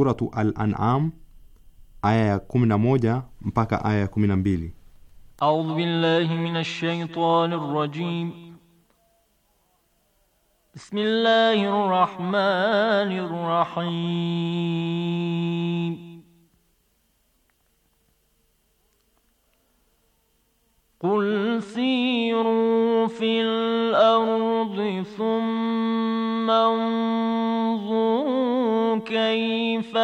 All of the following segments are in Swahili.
Suratu Al-An'am aya ya 11 mpaka aya ya 12. A'udhu billahi minash shaitanir rajim. Bismillahir rahmanir rahim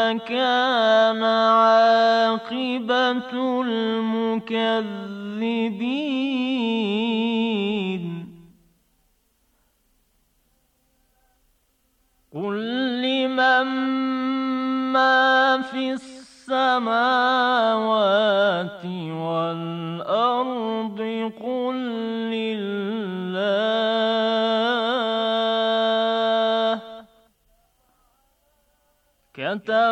فكان عاقبة المكذب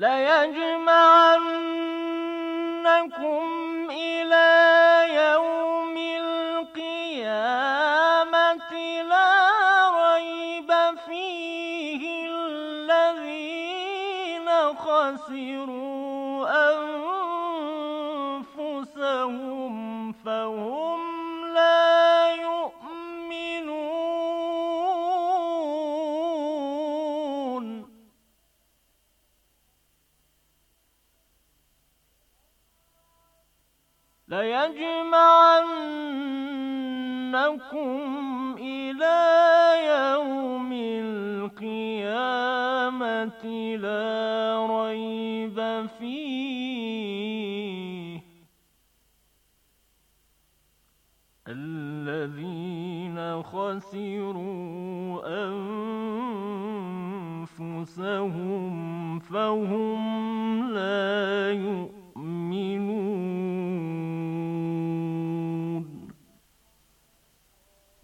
ليجمعن ربكم إلى يوم القيامة لا ريب فيه الذين خسروا أنفسهم فهم لا يؤمنون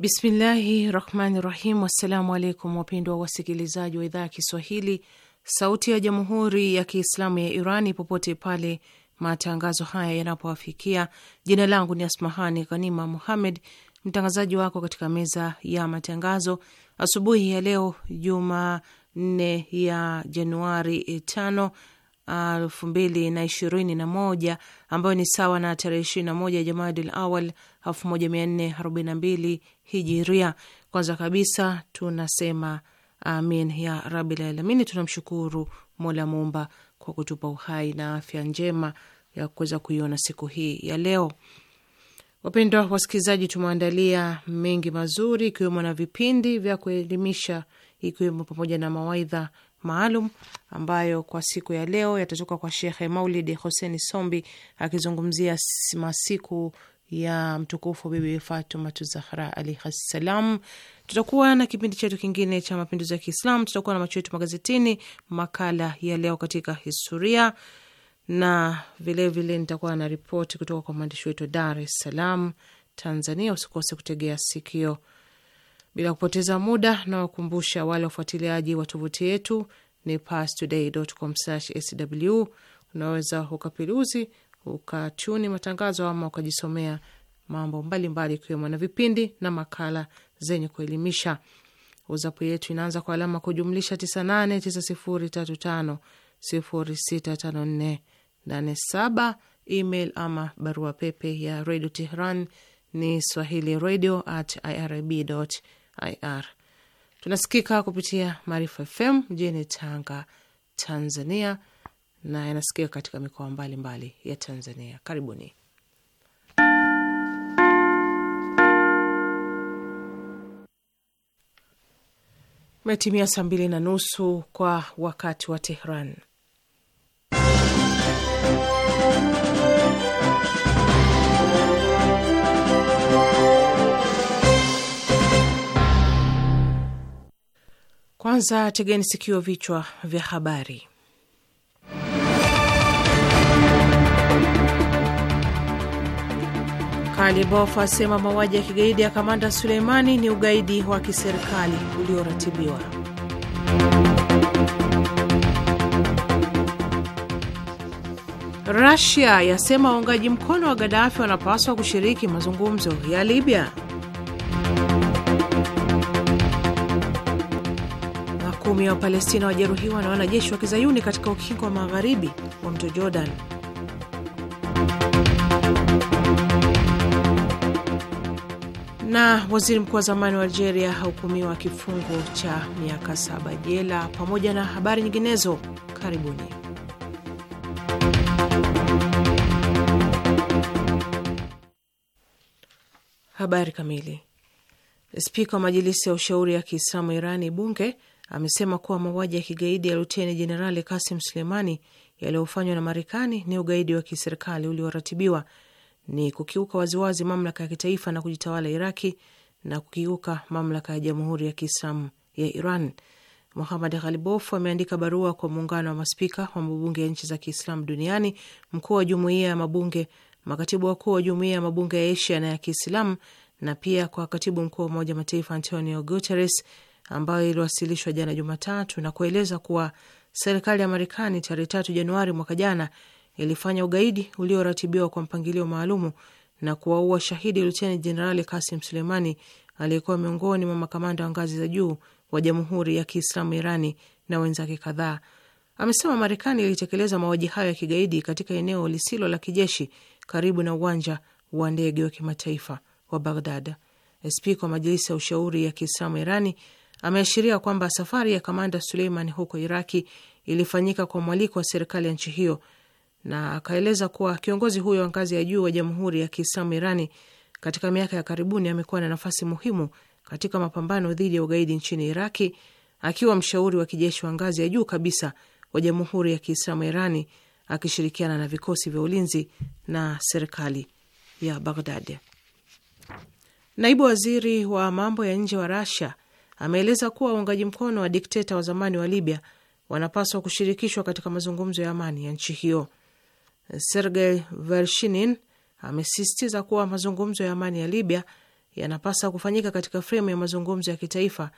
Bismillahi rahmani rahim. Wassalamu alaikum wapendwa wasikilizaji wa idhaa ya Kiswahili sauti ya jamhuri ya Kiislamu ya Irani popote pale matangazo haya yanapowafikia. Jina langu ni Asmahani Ghanima Muhammed, mtangazaji wako katika meza ya matangazo asubuhi ya leo Jumanne ya Januari tano elfu mbili na ishirini na moja ambayo ni sawa na tarehe ishirini na moja Jamadil Awal 1442 hijiria. Kwanza kabisa tunasema amin ya rabil alamini. Tunamshukuru Mola Muumba kwa kutupa uhai na afya njema ya kuweza kuiona siku hii ya leo. Wapendwa wasikilizaji, tumeandalia mengi mazuri, ikiwemo na vipindi vya kuelimisha, ikiwemo pamoja na mawaidha maalum ambayo kwa siku ya leo yatatoka kwa Shekhe Maulidi Hoseni Sombi akizungumzia masiku ya mtukufu Bibi Fatumatu Zahra ssalam. Tutakuwa na kipindi chetu kingine cha mapinduzi ya Kiislamu, tutakuwa na macho yetu magazetini, makala ya leo katika historia, na vilevile nitakuwa na ripoti kutoka kwa mwandishi wetu Dar es Salaam, Tanzania. Usikose kutegea sikio. Bila kupoteza muda, nawakumbusha wale wafuatiliaji wa tovuti yetu ni pastoday.com/sw. Unaweza ukapiluzi ukachuni matangazo ama ukajisomea mambo mbalimbali ikiwemo na vipindi na makala zenye kuelimisha. WhatsApp yetu inaanza kwa alama kujumlisha 989035065487. Email ama barua pepe ya Radio Tehran ni swahili radio at irib ir. Tunasikika kupitia Maarifa FM mjini Tanga, Tanzania, na yanasikika katika mikoa mbalimbali ya Tanzania. Karibuni. Metimia saa mbili na nusu kwa wakati wa Tehran. Kwanza tegeni sikio, vichwa vya habari. Ali asema mauaji ya kigaidi ya kamanda Suleimani ni ugaidi wa kiserikali ulioratibiwa. Rasia yasema waungaji mkono wa Gadafi wanapaswa kushiriki mazungumzo ya Libya. Makumi ya Wapalestina wajeruhiwa na wanajeshi wa kizayuni katika ukingo wa magharibi wa mto Jordan na waziri mkuu wa zamani wa Algeria hahukumiwa kifungo cha miaka saba jela, pamoja na habari nyinginezo. Karibuni. Habari kamili. Spika wa Majilisi ya Ushauri ya Kiislamu Irani, bunge, amesema kuwa mauaji ya kigaidi ya luteni jenerali Kasim sulemani yaliyofanywa na Marekani ni ugaidi wa kiserikali ulioratibiwa ni kukiuka waziwazi mamlaka ya kitaifa na kujitawala Iraki na kukiuka mamlaka ya jamhuri ya Kiislamu ya Iran. Muhamad Ghalibof ameandika barua kwa muungano wa maspika wa mabunge ya nchi za Kiislamu duniani, mkuu wa jumuiya ya mabunge, makatibu wakuu wa jumuiya ya mabunge ya Asia na ya Kiislamu, na pia kwa katibu mkuu wa Umoja Mataifa Antonio Guterres, ambayo iliwasilishwa jana Jumatatu na kueleza kuwa serikali ya Marekani tarehe tatu Januari mwaka jana ilifanya ugaidi ulioratibiwa kwa mpangilio maalumu na kuwaua shahidi Luteni Jenerali Kasim Suleimani aliyekuwa miongoni mwa makamanda wa ngazi za juu wa Jamhuri ya Kiislamu Irani na wenzake kadhaa. Amesema Marekani ilitekeleza mauaji hayo ya kigaidi katika eneo lisilo la kijeshi karibu na uwanja wa ndege wa kimataifa wa Baghdad. Spika wa Majlisi ya Ushauri ya Kiislamu Irani ameashiria kwamba safari ya kamanda Suleiman huko Iraki ilifanyika kwa mwaliko wa serikali ya nchi hiyo na akaeleza kuwa kiongozi huyo wa ngazi ya juu wa Jamhuri ya Kiislamu Irani katika miaka ya karibuni amekuwa na nafasi muhimu katika mapambano dhidi ya ugaidi nchini Iraki, akiwa mshauri wa kijeshi wa ngazi ya juu kabisa wa Jamhuri ya Kiislamu Irani akishirikiana na vikosi vya ulinzi na serikali ya Baghdad. Naibu waziri wa mambo ya nje wa Rasia ameeleza kuwa uungaji mkono wa dikteta wa zamani wa Libya wanapaswa kushirikishwa katika mazungumzo ya amani ya nchi hiyo. Sergei Vershinin amesisitiza kuwa mazungumzo ya amani ya Libya yanapasa kufanyika katika fremu ya mazungumzo ya kitaifa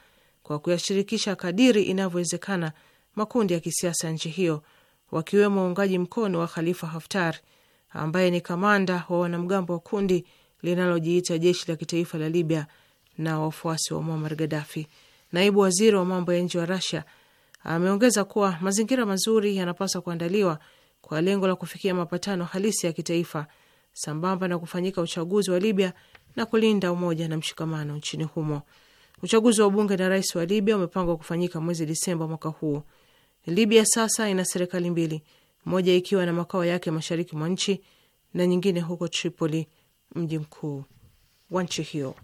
kwa kuyashirikisha kadiri inavyowezekana makundi ya kisiasa ya nchi hiyo, wakiwemo waungaji mkono wa Khalifa Haftar ambaye ni kamanda wa wanamgambo wa kundi linalojiita jeshi la kitaifa la Libya na wafuasi wa Muammar Gaddafi. Naibu waziri wa mambo ya nje wa Russia ameongeza kuwa mazingira mazuri yanapaswa kuandaliwa kwa lengo la kufikia mapatano halisi ya kitaifa sambamba na kufanyika uchaguzi wa Libya na kulinda umoja na mshikamano nchini humo. Uchaguzi wa bunge na rais wa Libya umepangwa kufanyika mwezi Disemba mwaka huu. Libya sasa ina serikali mbili, moja ikiwa na makao yake mashariki mwa nchi na nyingine huko Tripoli, mji mkuu wa nchi hiyo.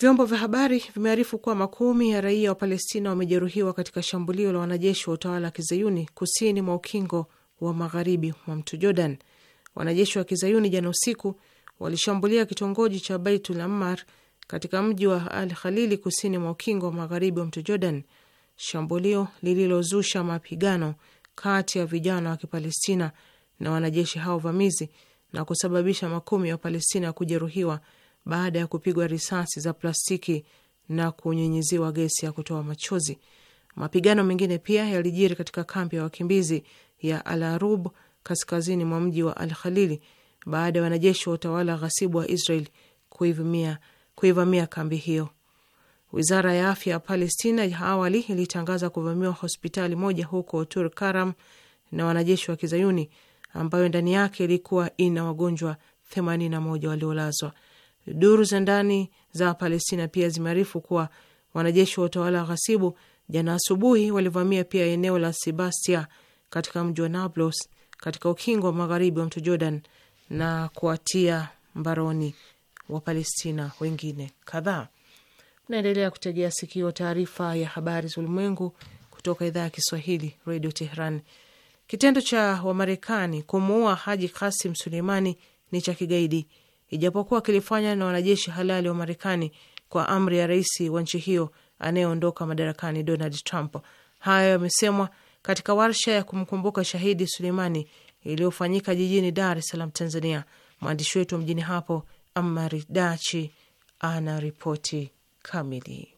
Vyombo vya habari vimearifu kuwa makumi ya raia wa Palestina wamejeruhiwa katika shambulio la wanajeshi wa utawala wa kizayuni kusini mwa ukingo wa magharibi mwa mto Jordan. Wanajeshi wa kizayuni jana usiku walishambulia kitongoji cha Baitul Ammar katika mji wa Al Khalili kusini mwa ukingo wa magharibi wa mto Jordan, shambulio lililozusha mapigano kati ya vijana wa Kipalestina na wanajeshi hao vamizi na kusababisha makumi ya Wapalestina kujeruhiwa baada ya kupigwa risasi za plastiki na kunyunyiziwa gesi ya kutoa machozi. Mapigano mengine pia yalijiri katika kambi ya wakimbizi ya Al Arub kaskazini mwa mji wa Al Khalili baada ya wanajeshi wa utawala ghasibu wa Israel kuivamia kuivamia kambi hiyo. Wizara ya afya ya Palestina ya awali ilitangaza kuvamiwa hospitali moja huko Tur Karam na wanajeshi wa Kizayuni, ambayo ndani yake ilikuwa ina wagonjwa 81 waliolazwa. Duru za ndani za Palestina pia zimearifu kuwa wanajeshi wa utawala wa ghasibu jana asubuhi walivamia pia eneo la Sebastia katika mji wa Nablus katika ukingo wa magharibi wa mto Jordan na kuwatia mbaroni wa Palestina wengine kadhaa. Naendelea kutegea sikio taarifa ya habari za ulimwengu kutoka idhaa ya Kiswahili Radio Tehran. Kitendo cha Wamarekani kumuua Haji Kasim Suleimani ni cha kigaidi ijapokuwa kilifanya na wanajeshi halali wa Marekani kwa amri ya rais wa nchi hiyo anayeondoka madarakani Donald Trump. Hayo yamesemwa katika warsha ya kumkumbuka shahidi Suleimani iliyofanyika jijini Dar es Salaam, Tanzania. Mwandishi wetu mjini hapo Amari Dachi ana ripoti kamili.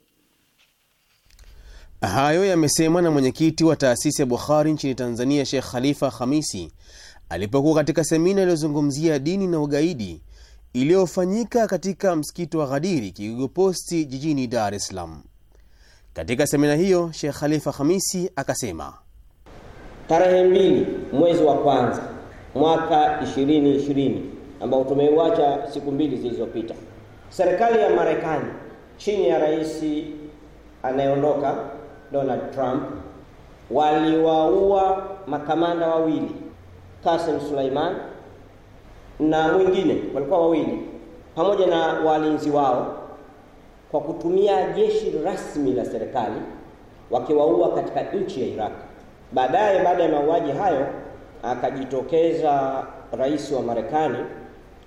Hayo yamesemwa na mwenyekiti wa taasisi ya Bukhari nchini Tanzania, Sheikh Khalifa Hamisi alipokuwa katika semina iliyozungumzia dini na ugaidi iliyofanyika katika msikiti wa Ghadiri, Kigogo Posti, jijini Dar es Salaam. Katika semina hiyo, Sheikh Khalifa Hamisi akasema tarehe mbili mwezi wa kwanza mwaka 2020 ambao tumeuacha siku mbili zilizopita, serikali ya Marekani chini ya rais anayeondoka Donald Trump waliwaua makamanda wawili kasim Suleiman na mwingine walikuwa wawili pamoja na walinzi wao kwa kutumia jeshi rasmi la serikali wakiwaua katika nchi ya Iraq. Baadaye, baada ya mauaji hayo, akajitokeza rais wa Marekani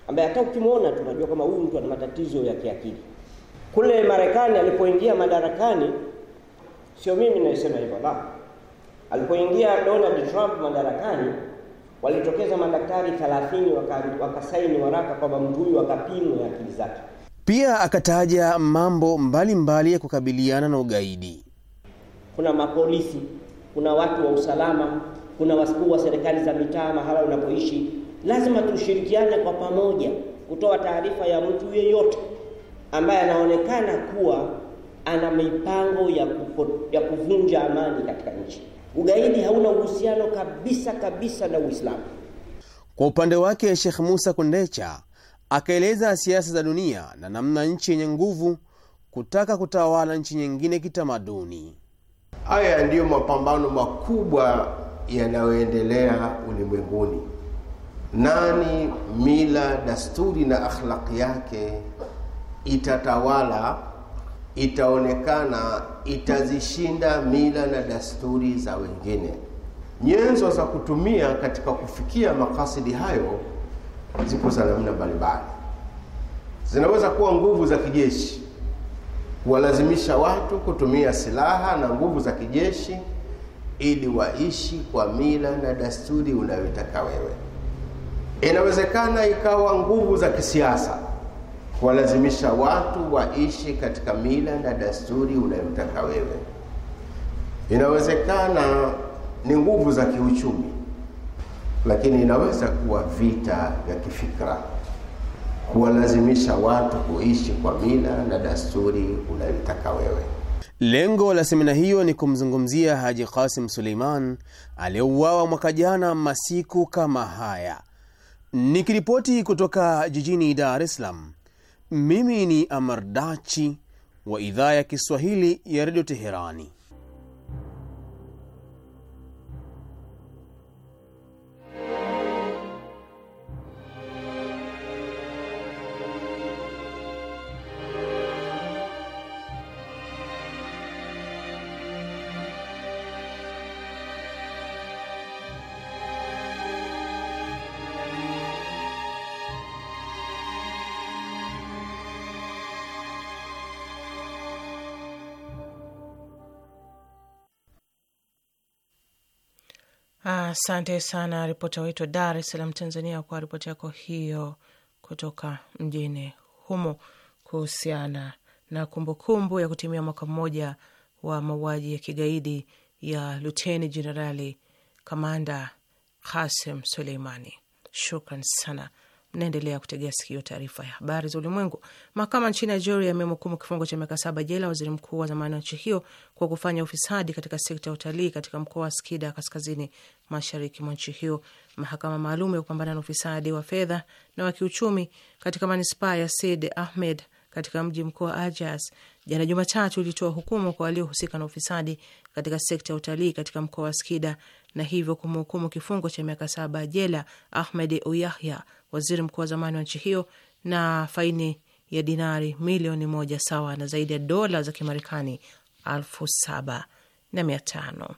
ambaye hata ukimwona tunajua kama huyu mtu ana matatizo ya kiakili. Kule Marekani alipoingia madarakani, sio mimi naisema hivyo la, alipoingia Donald Trump madarakani Walitokeza madaktari 30 waka, wakasaini waraka kwamba mtu huyu akapimwe akili zake. Pia akataja mambo mbalimbali mbali ya kukabiliana na ugaidi. Kuna mapolisi, kuna watu wa usalama, kuna wakuu wa serikali za mitaa mahala unapoishi. Lazima tushirikiane kwa pamoja kutoa taarifa ya mtu yeyote ambaye anaonekana kuwa ana mipango ya, ya kuvunja amani katika nchi. Ugaidi hauna uhusiano kabisa kabisa na Uislamu. Kwa upande wake, Sheikh Musa Kundecha akaeleza siasa za dunia na namna nchi yenye nguvu kutaka kutawala nchi nyingine kitamaduni. Haya ndiyo mapambano makubwa yanayoendelea ulimwenguni. Nani mila, desturi na akhlaki yake itatawala itaonekana itazishinda mila na desturi za wengine. Nyenzo za kutumia katika kufikia makasidi hayo zipo za namna mbalimbali. Zinaweza kuwa nguvu za kijeshi, kuwalazimisha watu kutumia silaha na nguvu za kijeshi ili waishi kwa mila na desturi unayotaka wewe. Inawezekana ikawa nguvu za kisiasa kuwalazimisha watu waishi katika mila na dasturi unayotaka wewe. Inawezekana ni nguvu za kiuchumi, lakini inaweza kuwa vita vya kifikra, kuwalazimisha watu kuishi kwa mila na dasturi unayotaka wewe. Lengo la semina hiyo ni kumzungumzia Haji Qasim Suleiman aliyeuawa mwaka jana masiku kama haya. Nikiripoti kutoka jijini Dar es Salaam. Mimi ni Amardachi wa idhaa ya Kiswahili ya redio Teherani. Asante ah, sana ripota wetu Dar es Salaam, Tanzania, kwa ripoti yako hiyo kutoka mjini humo kuhusiana na kumbukumbu kumbu ya kutimia mwaka mmoja wa mauaji ya kigaidi ya luteni jenerali kamanda kasim Suleimani. Shukran sana. Naendelea kutegea sikio taarifa ya habari za ulimwengu. Mahakama nchini Nigeria yamemhukumu kifungo cha miaka saba jela waziri mkuu wa zamani wa nchi hiyo kwa kufanya ufisadi katika sekta ya utalii katika mkoa wa Skida, kaskazini mashariki mwa nchi hiyo. Mahakama maalum ya kupambana na ufisadi wa fedha na wa kiuchumi katika manispaa ya Sid Ahmed katika mji mkuu wa Ajas jana Jumatatu ilitoa hukumu kwa waliohusika na ufisadi katika sekta ya utalii katika mkoa wa Skida na hivyo kumhukumu kifungo cha miaka saba jela Ahmed Uyahya waziri mkuu wa zamani wa nchi hiyo, na faini ya dinari milioni moja sawa na zaidi ya dola za Kimarekani elfu saba na mia tano.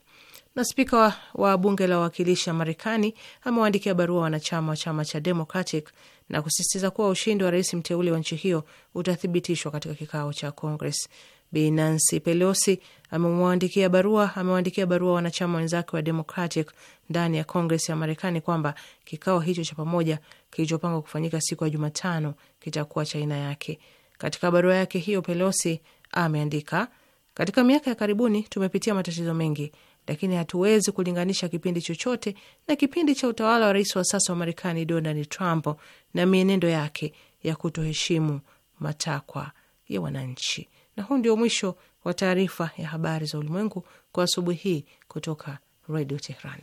Na spika wa, wa bunge la wawakilishi wa Marekani amewaandikia barua wanachama wa chama cha Democratic na kusisitiza kuwa ushindi wa rais mteule wa nchi hiyo utathibitishwa katika kikao cha Congress. Bi Nancy Pelosi amewaandikia barua amewaandikia barua wanachama wenzake wa Democratic ndani ya Congress ya Marekani kwamba kikao hicho cha pamoja kilichopangwa kufanyika siku ya Jumatano kitakuwa cha aina yake. Katika barua yake hiyo, Pelosi ameandika, katika miaka ya karibuni tumepitia matatizo mengi, lakini hatuwezi kulinganisha kipindi chochote na kipindi cha utawala wa rais wa sasa wa Marekani Donald Trump na mienendo yake ya kutoheshimu matakwa ya wananchi. Na huu ndio mwisho wa taarifa ya habari za ulimwengu kwa asubuhi hii kutoka Redio Tehran.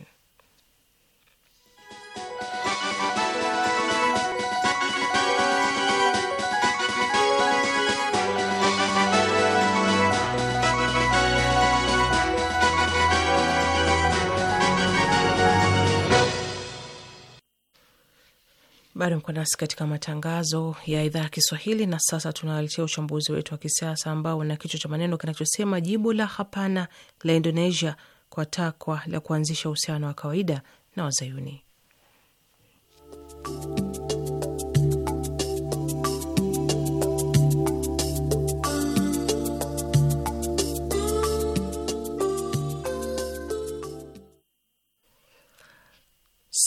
Bado mko nasi katika matangazo ya idhaa ya Kiswahili na sasa tunawaletea uchambuzi wetu wa kisiasa ambao una kichwa cha maneno kinachosema jibu la hapana la Indonesia kwa takwa la kuanzisha uhusiano wa kawaida na Wazayuni.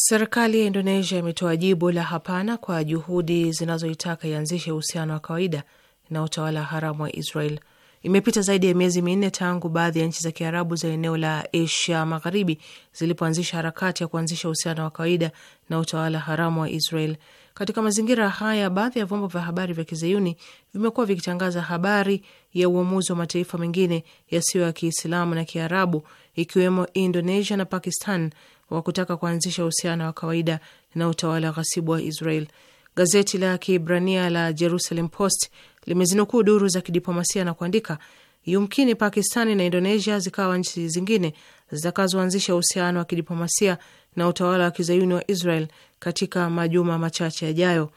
Serikali ya Indonesia imetoa jibu la hapana kwa juhudi zinazoitaka ianzishe uhusiano wa kawaida na utawala haramu wa Israel. Imepita zaidi ya miezi minne tangu baadhi ya nchi za Kiarabu za eneo la Asia Magharibi zilipoanzisha harakati ya kuanzisha uhusiano wa kawaida na utawala haramu wa Israel. Katika mazingira haya, baadhi ya vyombo vya habari vya kizayuni vimekuwa vikitangaza habari ya uamuzi wa mataifa mengine yasiyo ya Kiislamu na Kiarabu, ikiwemo Indonesia na Pakistan wa kutaka kuanzisha uhusiano wa kawaida na utawala ghasibu wa Israel. Gazeti la Kiibrania la Jerusalem Post limezinukuu duru za kidiplomasia na kuandika, yumkini Pakistani na Indonesia zikawa nchi zingine zitakazoanzisha uhusiano wa kidiplomasia na utawala wa kizayuni wa Israel katika majuma machache yajayo.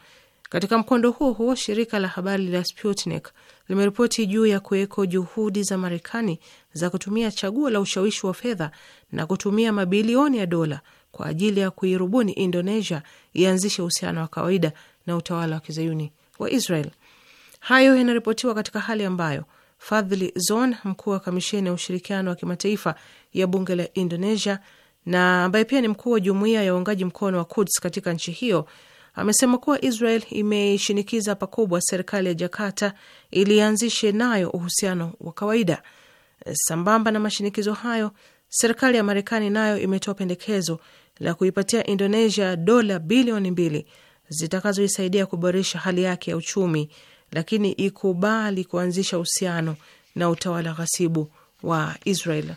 Katika mkondo huo huo, shirika la habari la Sputnik limeripoti juu ya kuweko juhudi za Marekani za kutumia chaguo la ushawishi wa fedha na kutumia mabilioni ya dola kwa ajili ya kuirubuni Indonesia ianzishe uhusiano wa kawaida na utawala wa kizayuni wa Israel. Hayo yanaripotiwa katika hali ambayo Fadhli Zon, mkuu wa kamisheni ya ushirikiano wa kimataifa ya bunge la Indonesia na ambaye pia ni mkuu wa jumuiya ya uungaji mkono wa Kuds katika nchi hiyo, amesema kuwa Israel imeishinikiza pakubwa serikali ya Jakarta ilianzishe nayo uhusiano wa kawaida Eh, sambamba na mashinikizo hayo, serikali ya Marekani nayo imetoa pendekezo la kuipatia Indonesia dola bilioni mbili zitakazoisaidia kuboresha hali yake ya uchumi, lakini ikubali kuanzisha uhusiano na utawala ghasibu wa Israel.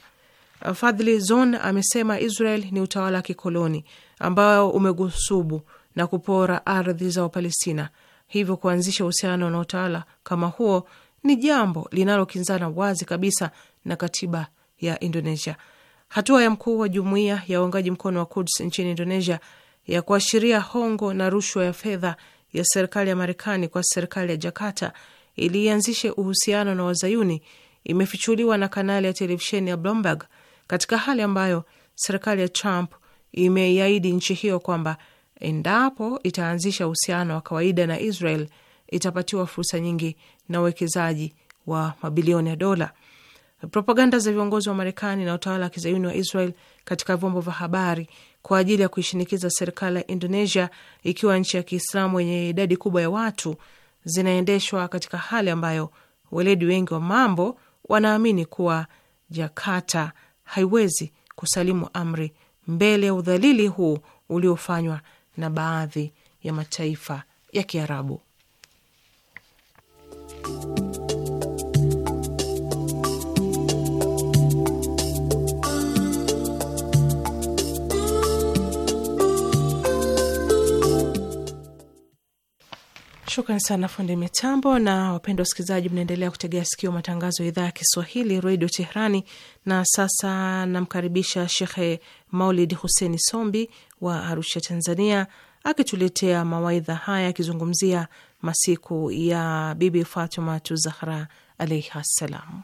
Fadhli Zon amesema Israel ni utawala wa kikoloni ambao umegusubu na kupora ardhi za Wapalestina, hivyo kuanzisha uhusiano na utawala kama huo ni jambo linalokinzana wazi kabisa na katiba ya Indonesia. Hatua ya mkuu wa jumuiya ya waungaji mkono wa Kuds nchini Indonesia ya kuashiria hongo na rushwa ya fedha ya serikali ya Marekani kwa serikali ya Jakarta ili ianzishe uhusiano na Wazayuni imefichuliwa na kanali ya televisheni ya Bloomberg katika hali ambayo serikali ya Trump imeiahidi nchi hiyo kwamba endapo itaanzisha uhusiano wa kawaida na Israel itapatiwa fursa nyingi na uwekezaji wa mabilioni ya dola. Propaganda za viongozi wa Marekani na utawala wa kizayuni wa Israel katika vyombo vya habari kwa ajili ya kuishinikiza serikali ya Indonesia, ikiwa nchi ya Kiislamu yenye idadi kubwa ya watu, zinaendeshwa katika hali ambayo weledi wengi wa mambo wanaamini kuwa Jakarta haiwezi kusalimu amri mbele ya udhalili huu uliofanywa na baadhi ya mataifa ya Kiarabu. Shukran sana fundi mitambo. Na wapendwa wasikilizaji, mnaendelea kutegea sikio matangazo ya idhaa ya Kiswahili redio Teherani. Na sasa namkaribisha Shekhe Maulid Huseni Sombi wa Arusha, Tanzania, akituletea mawaidha haya akizungumzia masiku ya Bibi Fatimatu Zahra alaihi ssalam.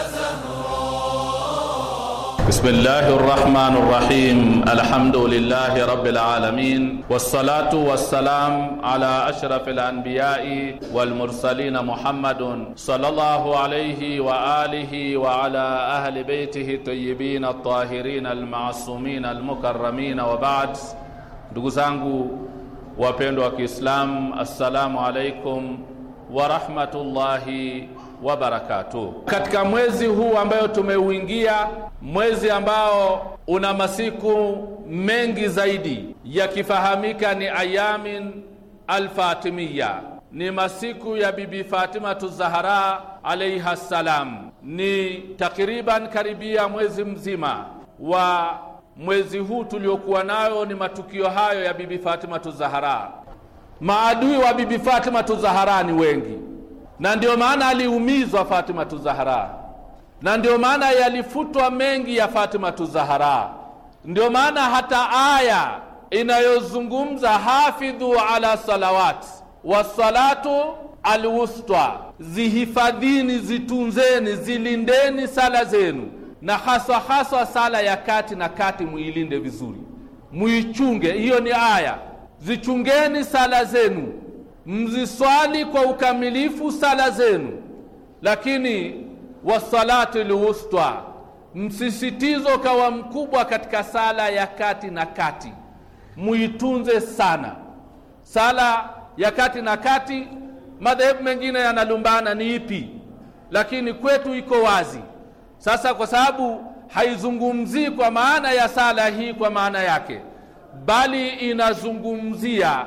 بسم الله الرحمن الرحيم الحمد لله رب العالمين والصلاة والسلام على أشرف الأنبياء والمرسلين محمد صلى الله عليه وآله وعلى أهل بيته الطيبين الطاهرين المعصومين المكرمين وبعد دوزانغو وبين إسلام السلام عليكم ورحمة الله wabarakatuh. Katika mwezi huu ambayo tumeuingia, mwezi ambao una masiku mengi zaidi yakifahamika ni ayamin alfatimiya, ni masiku ya Bibi Fatima Tuzahara alaiha salam, ni takriban karibia mwezi mzima wa mwezi huu tuliokuwa nayo ni matukio hayo ya Bibi Fatima Tuzahara. Maadui wa Bibi Fatimatu Zahara ni wengi na ndio maana aliumizwa Fatima Tuzahara, na ndio maana yalifutwa mengi ya Fatima Tuzahara. Ndio maana hata aya inayozungumza hafidhu ala salawati wasalatu alwusta, zihifadhini, zitunzeni, zilindeni sala zenu, na haswa haswa sala ya kati na kati muilinde vizuri, muichunge. Hiyo ni aya, zichungeni sala zenu mziswali kwa ukamilifu sala zenu, lakini wasalati lwusta, msisitizo kawa mkubwa katika sala ya kati na kati, muitunze sana sala ya kati na kati. Madhehebu mengine yanalumbana ni ipi, lakini kwetu iko wazi. Sasa kwa sababu haizungumzii kwa maana ya sala hii kwa maana yake, bali inazungumzia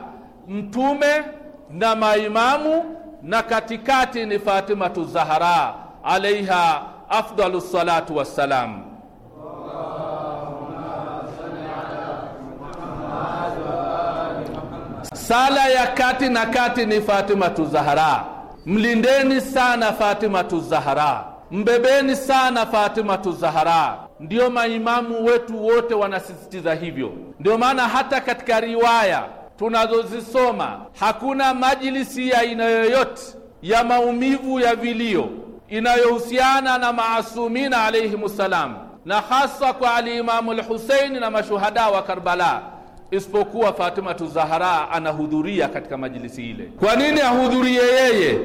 Mtume na maimamu na katikati ni Fatimatu Zahra alaiha afdalu salatu wassalam. Sala ya kati na kati ni Fatimatu Zahra. Mlindeni sana Fatimatu Zahra, mbebeni sana Fatimatu Zahara. Ndiyo maimamu wetu wote wanasisitiza hivyo, ndio maana hata katika riwaya tunazozisoma hakuna majlisi ya aina yoyote ya maumivu ya vilio inayohusiana na maasumina salam, na hasa kwa alimamu Lhuseini na mashuhada wa Karbala, isipokuwa Fatimatu Zahara anahudhuria katika majlisi ile. Kwa nini ahudhurie yeye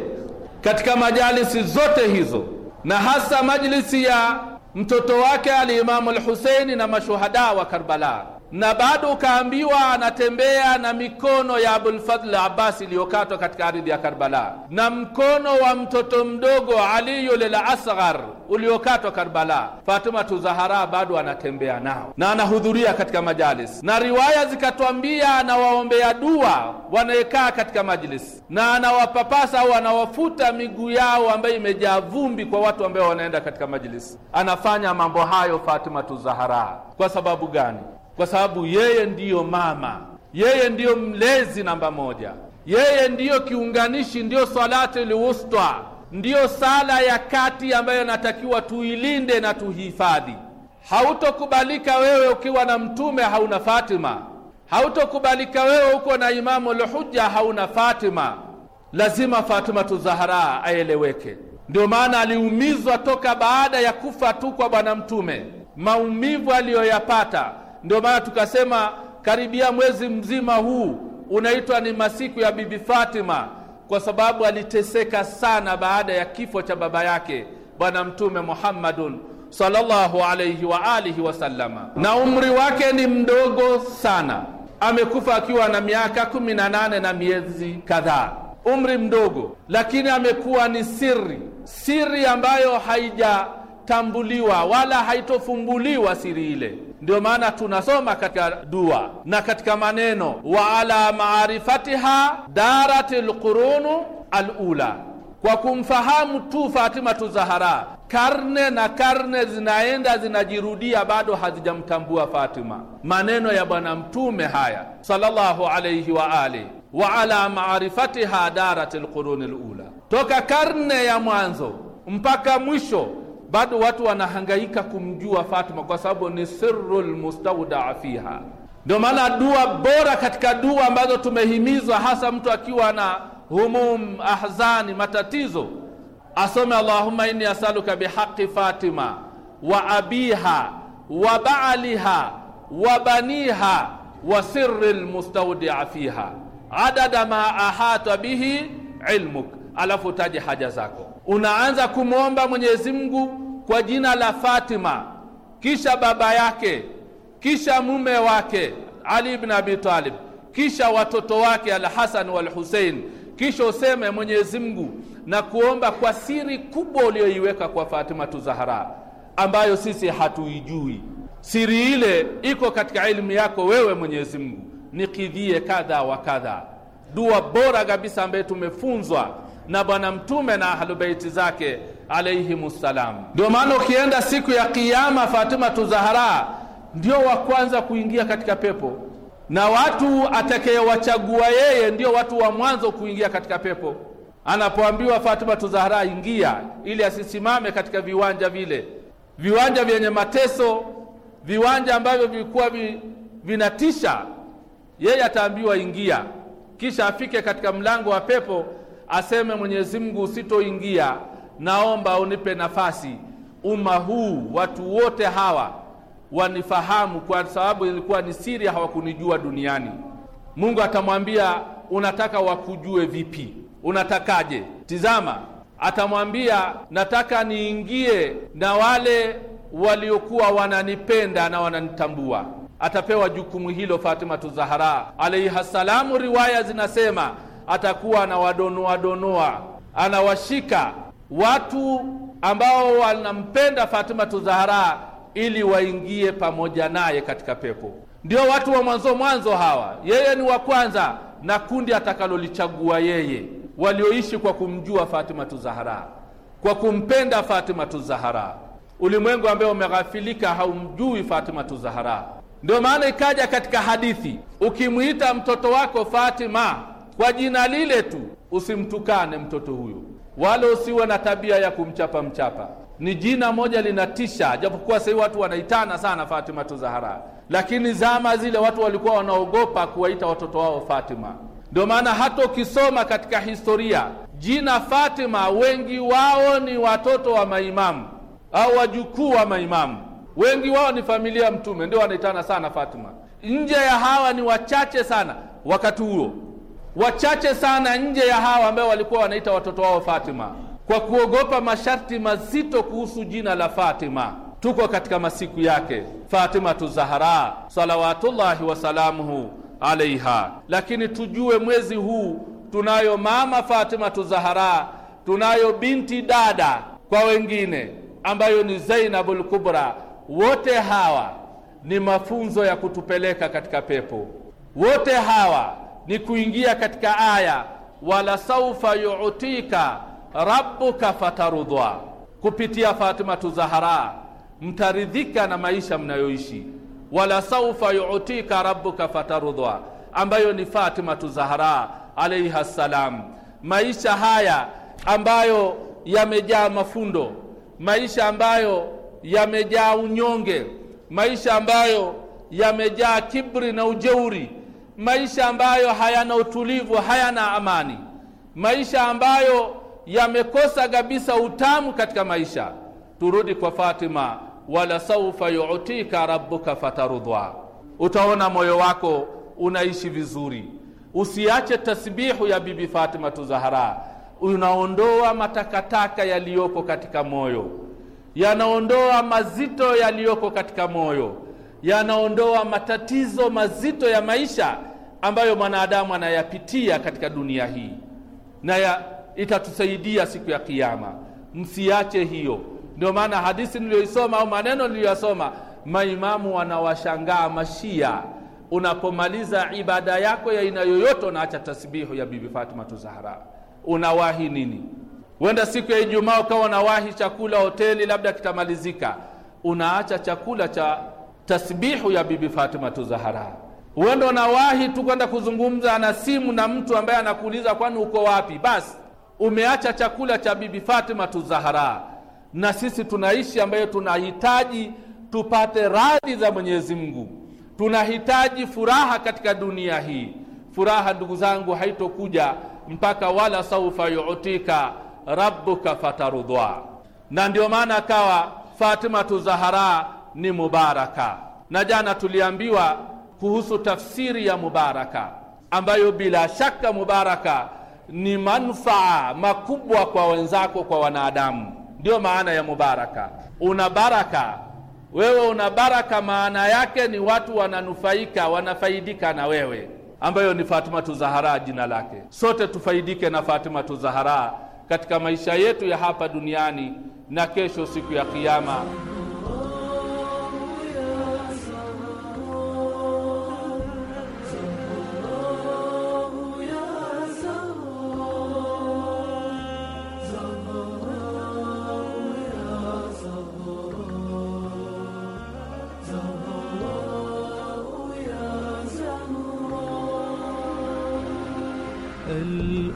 katika majalisi zote hizo, na hasa majlisi ya mtoto wake alimamu Lhuseini na mashuhada wa Karbala? na bado ukaambiwa anatembea na mikono ya Abulfadl Abbas iliyokatwa katika ardhi ya Karbala na mkono wa mtoto mdogo lil Asghar uliokatwa Karbala. Fatuma Tuzahara bado anatembea nao na anahudhuria katika majalis, na riwaya zikatwambia anawaombea dua wanayekaa katika majlis, na anawapapasa au anawafuta miguu yao ambayo imejaa vumbi kwa watu ambao wanaenda katika majlis. Anafanya mambo hayo Fatuma Tuzahara kwa sababu gani? kwa sababu yeye ndiyo mama, yeye ndiyo mlezi namba moja, yeye ndiyo kiunganishi, ndiyo salatul wusta, ndiyo sala ya kati ambayo natakiwa tuilinde na tuhifadhi. Hautokubalika wewe ukiwa na mtume hauna Fatima, hautokubalika wewe uko na Imamu Lhuja hauna Fatima. Lazima Fatima Tuzahara aeleweke. Ndio maana aliumizwa toka baada ya kufa tu kwa Bwana Mtume, maumivu aliyoyapata ndio maana tukasema karibia mwezi mzima huu unaitwa ni masiku ya Bibi Fatima, kwa sababu aliteseka sana baada ya kifo cha baba yake Bwana Mtume Muhammadun sallallahu alayhi wa alihi wasallama, na umri wake ni mdogo sana. Amekufa akiwa na miaka kumi na nane na miezi kadhaa, umri mdogo, lakini amekuwa ni siri, siri ambayo haija tambuliwa wala haitofumbuliwa siri ile. Ndio maana tunasoma katika dua na katika maneno wa ala maarifatiha darat lqurunu alula, kwa kumfahamu tu Fatima Tuzahara, karne na karne zinaenda zinajirudia, bado hazijamtambua Fatima. Maneno ya Bwana Mtume haya sallallahu alayhi wa alihi wa ala maarifatiha darat lquruni lula, toka karne ya mwanzo mpaka mwisho bado watu wanahangaika kumjua Fatima kwa sababu ni sirrul mustaudaa fiha. Ndio maana dua bora katika dua ambazo tumehimizwa, hasa mtu akiwa na humum, ahzani, matatizo, asome Allahumma inni asaluka bihaqi Fatima wa abiha wa baaliha wa baniha wa sirri lmustaudia fiha adada ma ahata bihi ilmuk alafu utaje haja zako. Unaanza kumwomba Mwenyezi Mungu kwa jina la Fatima, kisha baba yake, kisha mume wake Ali ibn Abi Talib, kisha watoto wake Al-Hasan wal Hussein, kisha useme Mwenyezi Mungu na kuomba kwa siri kubwa uliyoiweka kwa Fatima Tuzahara, ambayo sisi hatuijui. Siri ile iko katika elimu yako wewe, Mwenyezi Mungu, nikidhie kadha wa kadha. Dua bora kabisa ambayo tumefunzwa na Bwana Mtume na ahlubeiti zake ssalam Ndio maana ukienda siku ya kiama Fatima Tuzahara ndio wa kwanza kuingia katika pepo, na watu atakayewachagua yeye ndio watu wa mwanzo kuingia katika pepo. Anapoambiwa Fatima Tuzahara, ingia, ili asisimame katika viwanja vile, viwanja vyenye mateso, viwanja ambavyo vilikuwa vi, vinatisha, yeye ataambiwa ingia, kisha afike katika mlango wa pepo aseme Mwenyezi Mungu, usitoingia, naomba unipe nafasi. Umma huu watu wote hawa wanifahamu, kwa sababu ilikuwa ni siri, hawakunijua duniani. Mungu atamwambia unataka wakujue vipi? Unatakaje? Tizama, atamwambia nataka niingie na wale waliokuwa wananipenda na wananitambua. Atapewa jukumu hilo fatima Zahara alaihi salamu. Riwaya zinasema atakuwa anawadonoa donoa, anawashika watu ambao wanampenda Fatima Tuzahara ili waingie pamoja naye katika pepo. Ndio watu wa mwanzo mwanzo hawa, yeye ni wa kwanza na kundi atakalolichagua yeye, walioishi kwa kumjua Fatima Tuzahara, kwa kumpenda Fatima Tuzahara. Ulimwengu ambaye umeghafilika haumjui Fatima Tuzahara. Ndio maana ikaja katika hadithi, ukimwita mtoto wako Fatima kwa jina lile tu, usimtukane mtoto huyo, wala usiwe na tabia ya kumchapa mchapa. Ni jina moja linatisha, japokuwa sahi watu wanaitana sana Fatima tu Zahara, lakini zama zile watu walikuwa wanaogopa kuwaita watoto wao Fatima. Ndio maana hata ukisoma katika historia jina Fatima, wengi wao ni watoto wa maimamu au wajukuu wa maimamu, wengi wao ni familia ya Mtume, ndio wanaitana sana Fatima. Nje ya hawa ni wachache sana wakati huo wachache sana nje ya hawa ambao walikuwa wanaita watoto wao Fatima kwa kuogopa masharti mazito kuhusu jina la Fatima. Tuko katika masiku yake Fatimatu Zahara salawatullahi wasalamuhu alaiha, lakini tujue mwezi huu tunayo mama Fatimatu Zahra, tunayo binti dada kwa wengine ambayo ni Zainabul Kubra. Wote hawa ni mafunzo ya kutupeleka katika pepo, wote hawa ni kuingia katika aya wala saufa yutika rabbuka fatarudhwa, kupitia Fatimatu Zahara mtaridhika na maisha mnayoishi. Wala saufa yutika rabbuka fatarudhwa, ambayo ni fatima Zahara alaiha salam Maisha haya ambayo yamejaa mafundo, maisha ambayo yamejaa unyonge, maisha ambayo yamejaa kibri na ujeuri maisha ambayo hayana utulivu, hayana amani, maisha ambayo yamekosa kabisa utamu katika maisha. Turudi kwa Fatima, wala saufa yutika rabbuka fatarudhwa, utaona moyo wako unaishi vizuri. Usiache tasbihu ya Bibi Fatima Tuzahara, unaondoa matakataka yaliyoko katika moyo, yanaondoa mazito yaliyoko katika moyo, yanaondoa matatizo mazito ya maisha ambayo mwanadamu anayapitia katika dunia hii na ya, itatusaidia siku ya Kiyama. Msiache hiyo. Ndio maana hadithi niliyoisoma au maneno niliyoyasoma, maimamu wanawashangaa Mashia. Unapomaliza ibada yako ya aina yoyote, unaacha tasbihu ya Bibi Fatima Tuzahara, unawahi nini? Wenda siku ya Ijumaa ukawa unawahi chakula hoteli, labda kitamalizika, unaacha chakula cha tasbihu ya Bibi Fatima Tuzahara huenda unawahi tu kwenda kuzungumza na simu na mtu ambaye anakuuliza kwani uko wapi? Basi umeacha chakula cha Bibi Fatima Tuzahara, na sisi tunaishi ambayo tunahitaji tupate radhi za Mwenyezi Mungu, tunahitaji furaha katika dunia hii. Furaha ndugu zangu haitokuja mpaka wala saufa yutika rabbuka fatarudhwa. Na ndio maana akawa Fatima Tuzahara ni mubaraka, na jana tuliambiwa kuhusu tafsiri ya mubaraka, ambayo bila shaka mubaraka ni manufaa makubwa kwa wenzako, kwa wanadamu. Ndiyo maana ya mubaraka. Una baraka wewe, una baraka, maana yake ni watu wananufaika, wanafaidika na wewe, ambayo ni Fatima Tuzahara jina lake. Sote tufaidike na Fatima Tuzahara katika maisha yetu ya hapa duniani na kesho siku ya Kiyama.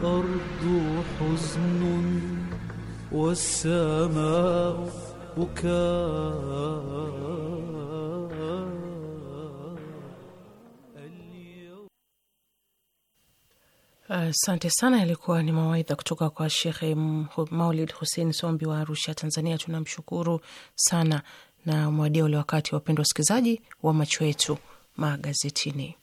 الأرض حزن والسماء بكاء Asante sana. Yalikuwa ni mawaidha kutoka kwa Shekhe Maulid Hussein Sombi wa Arusha, Tanzania. Tunamshukuru sana na mwadia ule wakati, wapendwa wasikilizaji wa macho yetu magazetini.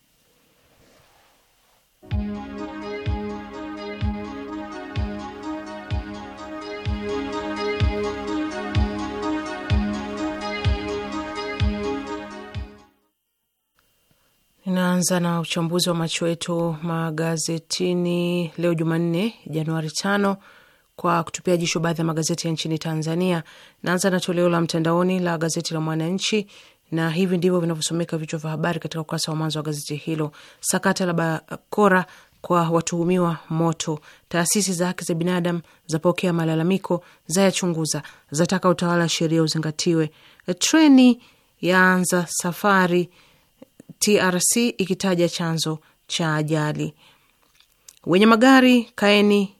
Inaanza na uchambuzi wa macho yetu magazetini leo Jumanne, Januari tano, kwa kutupia jisho baadhi ya magazeti ya nchini Tanzania. Naanza na toleo la mtandaoni la gazeti la Mwananchi na hivi ndivyo vinavyosomeka vichwa vya habari katika ukurasa wa mwanzo wa gazeti hilo: sakata la bakora kwa watuhumiwa moto, taasisi za haki za binadamu zapokea malalamiko, zayachunguza, zataka utawala wa sheria uzingatiwe, treni yaanza safari TRC ikitaja chanzo cha ajali. Wenye magari kaeni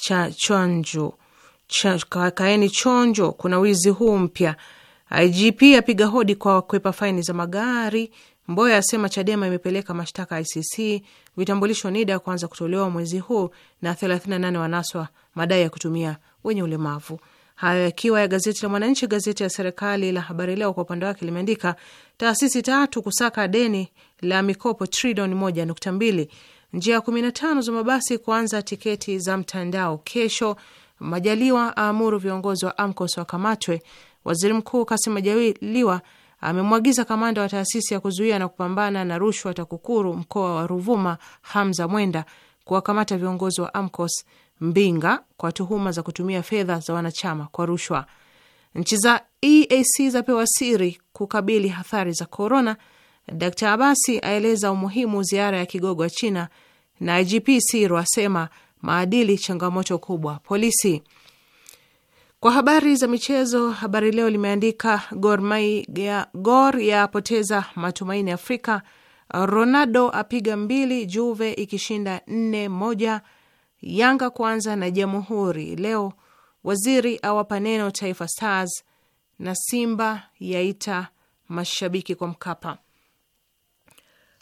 cha chonjo, cha, kaeni chonjo, kuna wizi huu mpya. IGP apiga hodi kwa kwepa faini za magari. Mboya asema Chadema imepeleka mashtaka ICC. Vitambulisho NIDA kuanza kutolewa mwezi huu na 38 wanaswa madai ya kutumia wenye ulemavu. Hayo yakiwa ya gazeti la Mwananchi. Gazeti ya serikali la Habari Leo kwa upande wake limeandika taasisi tatu kusaka deni la mikopo trilioni moja nukta mbili, njia kumi na tano za mabasi kuanza tiketi za mtandao kesho, Majaliwa aamuru viongozi wa AMCOS wakamatwe. Waziri Mkuu Kasim Majaliwa amemwagiza kamanda wa taasisi ya kuzuia na kupambana na rushwa TAKUKURU mkoa wa Ruvuma Hamza Mwenda kuwakamata viongozi wa AMCOS Mbinga kwa tuhuma za kutumia fedha za wanachama kwa rushwa. Nchi za EAC zapewa siri kukabili athari za korona. Dkt Abasi aeleza umuhimu ziara ya kigogo wa China na IGP Siro asema maadili changamoto kubwa polisi. Kwa habari za michezo, Habari Leo limeandika Gor Mahia, Gor yapoteza matumaini Afrika. Ronaldo apiga mbili, Juve ikishinda nne moja. Yanga kwanza na Jamhuri leo, waziri awapa neno Taifa Stars na Simba yaita mashabiki kwa Mkapa.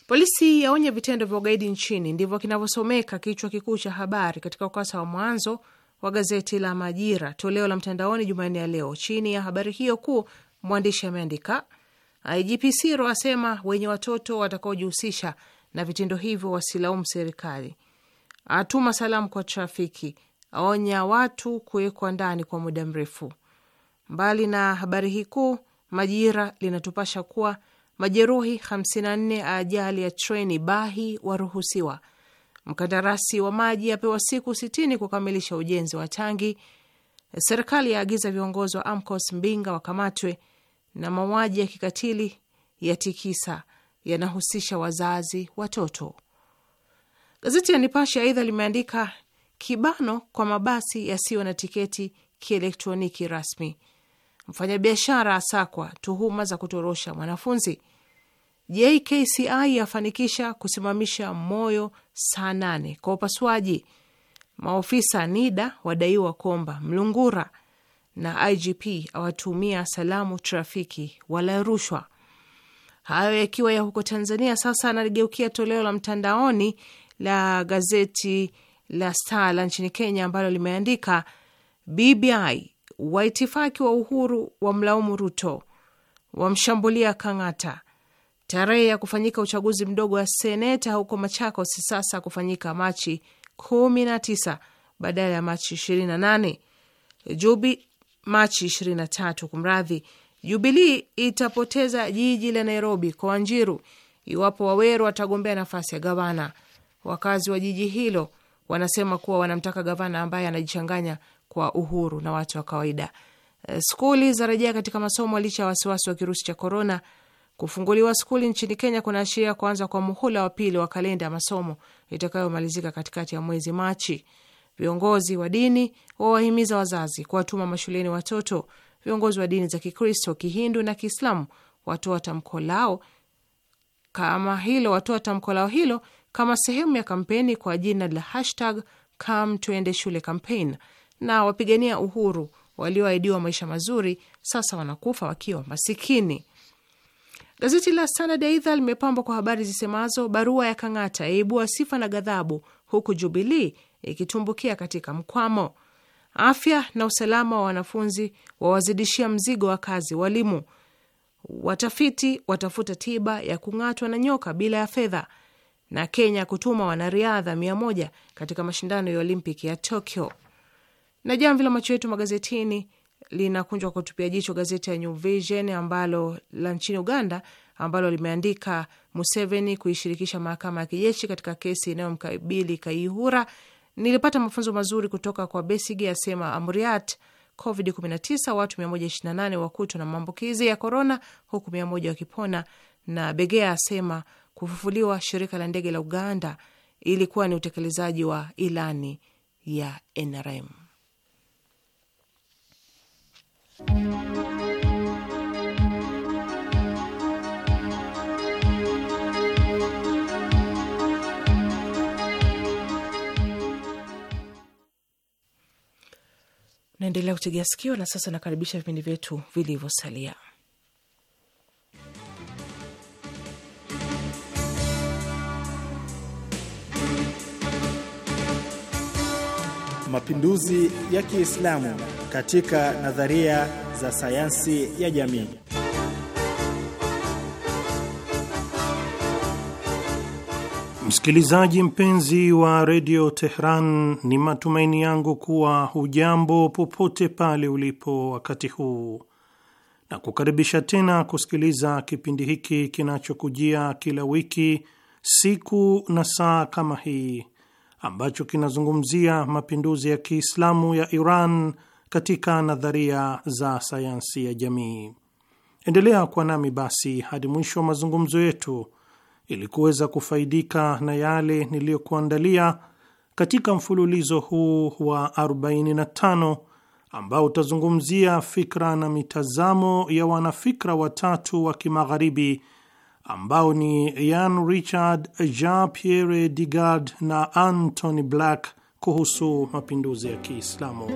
Polisi yaonya vitendo vya ugaidi nchini, ndivyo kinavyosomeka kichwa kikuu cha habari katika ukurasa wa mwanzo wa gazeti la Majira toleo la mtandaoni Jumanne ya leo. Chini ya habari hiyo kuu, mwandishi ameandika IGP Siro asema wenye watoto watakaojihusisha na vitendo hivyo wasilaumu serikali atuma salamu kwa trafiki, aonya watu kuwekwa ndani kwa muda mrefu. Mbali na habari hii kuu, Majira linatupasha kuwa majeruhi 54 a ajali ya treni Bahi waruhusiwa. Mkandarasi wa maji apewa siku 60 kukamilisha ujenzi wa tangi. Serikali yaagiza viongozi wa AMCOS Mbinga wakamatwe. Na mauaji ya kikatili ya tikisa yanahusisha wazazi, watoto Gazeti la Nipashe aidha limeandika kibano kwa mabasi yasiyo na tiketi kielektroniki rasmi, mfanyabiashara asakwa tuhuma za kutorosha mwanafunzi, JKCI yafanikisha kusimamisha moyo saa nane kwa upasuaji, maofisa NIDA wadaiwa komba mlungura, na IGP awatumia salamu trafiki wala rushwa. Hayo yakiwa ya huko Tanzania. Sasa anageukia toleo la mtandaoni la gazeti la Star la nchini Kenya ambalo limeandika BBI waitifaki wa Uhuru wa mlaumu Ruto, wamshambulia Kang'ata. Tarehe ya kufanyika uchaguzi mdogo wa seneta huko Machakos sasa kufanyika Machi 19 badala ya Machi 28. Jubi Machi 23, kumradhi. Jubilii itapoteza jiji la Nairobi kwa Wanjiru iwapo Waweru watagombea nafasi ya gavana. Wakazi wa jiji hilo wanasema kuwa wanamtaka gavana ambaye anajichanganya kwa uhuru na watu wa kawaida. Eh, skuli za rejea katika masomo licha ya wasiwasi wa kirusi cha korona. Kufunguliwa skuli nchini Kenya kunaashiria kuanza kwa muhula wa pili wa kalenda ya masomo itakayomalizika katikati ya mwezi Machi. Viongozi wa dini wawahimiza wazazi kuwatuma mashuleni watoto. Viongozi wa dini za Kikristo, Kihindu na Kiislamu watoa tamko lao kama hilo, watoa tamko lao hilo kama sehemu ya kampeni kwa jina la hashtag kam Tuende Shule campaign, na wapigania uhuru walioahidiwa maisha mazuri sasa wanakufa wakiwa masikini. Gazeti la Standard aidha limepambwa kwa habari zisemazo barua ya Kang'ata yaibua sifa na ghadhabu, huku Jubilii ikitumbukia katika mkwamo. Afya na usalama wa wanafunzi wawazidishia mzigo wa kazi walimu. Watafiti watafuta tiba ya kung'atwa na nyoka bila ya fedha na Kenya kutuma wanariadha mia moja katika mashindano ya Olimpiki ya Tokyo. Na jamvi la macho yetu magazetini linakunjwa kwa kutupia jicho gazeti ya New Vision ambalo la nchini Uganda ambalo limeandika Museveni kuishirikisha mahakama ya kijeshi katika kesi inayomkabili Kaihura. Nilipata mafunzo mazuri kutoka kwa Besige, asema Amuriat. COVID-19 watu 128 wakutwa na maambukizi ya korona huku 100 wakipona, na Begea asema Kufufuliwa shirika la ndege la Uganda ilikuwa ni utekelezaji wa ilani ya NRM. Naendelea kutegea sikio na sasa nakaribisha vipindi vyetu vilivyosalia. mapinduzi ya Kiislamu katika nadharia za sayansi ya jamii. Msikilizaji mpenzi wa redio Tehran, ni matumaini yangu kuwa hujambo popote pale ulipo wakati huu, na kukaribisha tena kusikiliza kipindi hiki kinachokujia kila wiki siku na saa kama hii ambacho kinazungumzia mapinduzi ya Kiislamu ya Iran katika nadharia za sayansi ya jamii. Endelea kuwa nami basi hadi mwisho wa mazungumzo yetu ili kuweza kufaidika na yale niliyokuandalia katika mfululizo huu wa 45 ambao utazungumzia fikra na mitazamo ya wanafikra watatu wa kimagharibi ambao ni Ian Richard, Jean Pierre Degard na Anthony Black kuhusu mapinduzi ya Kiislamu.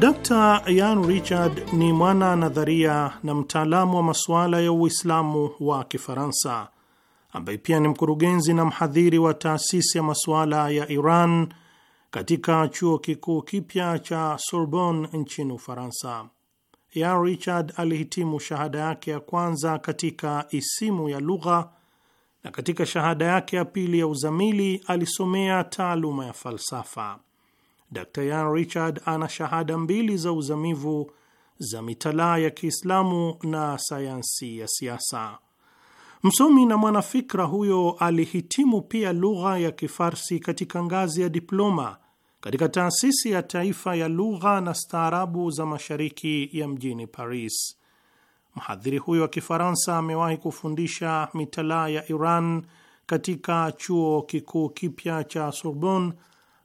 Dr. Yan Richard ni mwana nadharia na mtaalamu wa masuala ya Uislamu wa Kifaransa ambaye pia ni mkurugenzi na mhadhiri wa taasisi ya masuala ya Iran katika chuo kikuu kipya cha Sorbonne nchini Ufaransa. yan Richard alihitimu shahada yake ya kwanza katika isimu ya lugha na katika shahada yake ya pili ya uzamili alisomea taaluma ya falsafa. Dr. Richard ana shahada mbili za uzamivu za mitalaa ya Kiislamu na sayansi ya siasa. Msomi na mwanafikra huyo alihitimu pia lugha ya Kifarsi katika ngazi ya diploma katika taasisi ya taifa ya lugha na staarabu za mashariki ya mjini Paris. Mhadhiri huyo wa Kifaransa amewahi kufundisha mitalaa ya Iran katika chuo kikuu kipya cha Sorbonne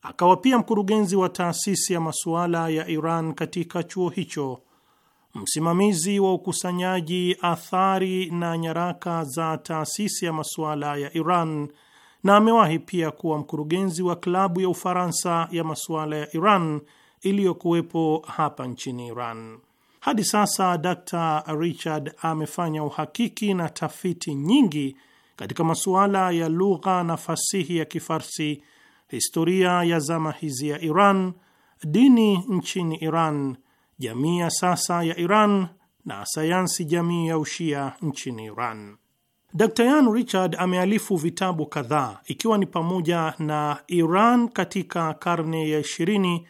akawa pia mkurugenzi wa taasisi ya masuala ya Iran katika chuo hicho, msimamizi wa ukusanyaji athari na nyaraka za taasisi ya masuala ya Iran, na amewahi pia kuwa mkurugenzi wa klabu ya Ufaransa ya masuala ya Iran iliyokuwepo hapa nchini Iran. Hadi sasa Dr. Richard amefanya uhakiki na tafiti nyingi katika masuala ya lugha na fasihi ya Kifarsi historia ya zama hizi ya Iran, dini nchini Iran, jamii ya sasa ya Iran na sayansi jamii ya Ushia nchini Iran. Dr. Yan Richard amealifu vitabu kadhaa ikiwa ni pamoja na Iran katika karne ya 20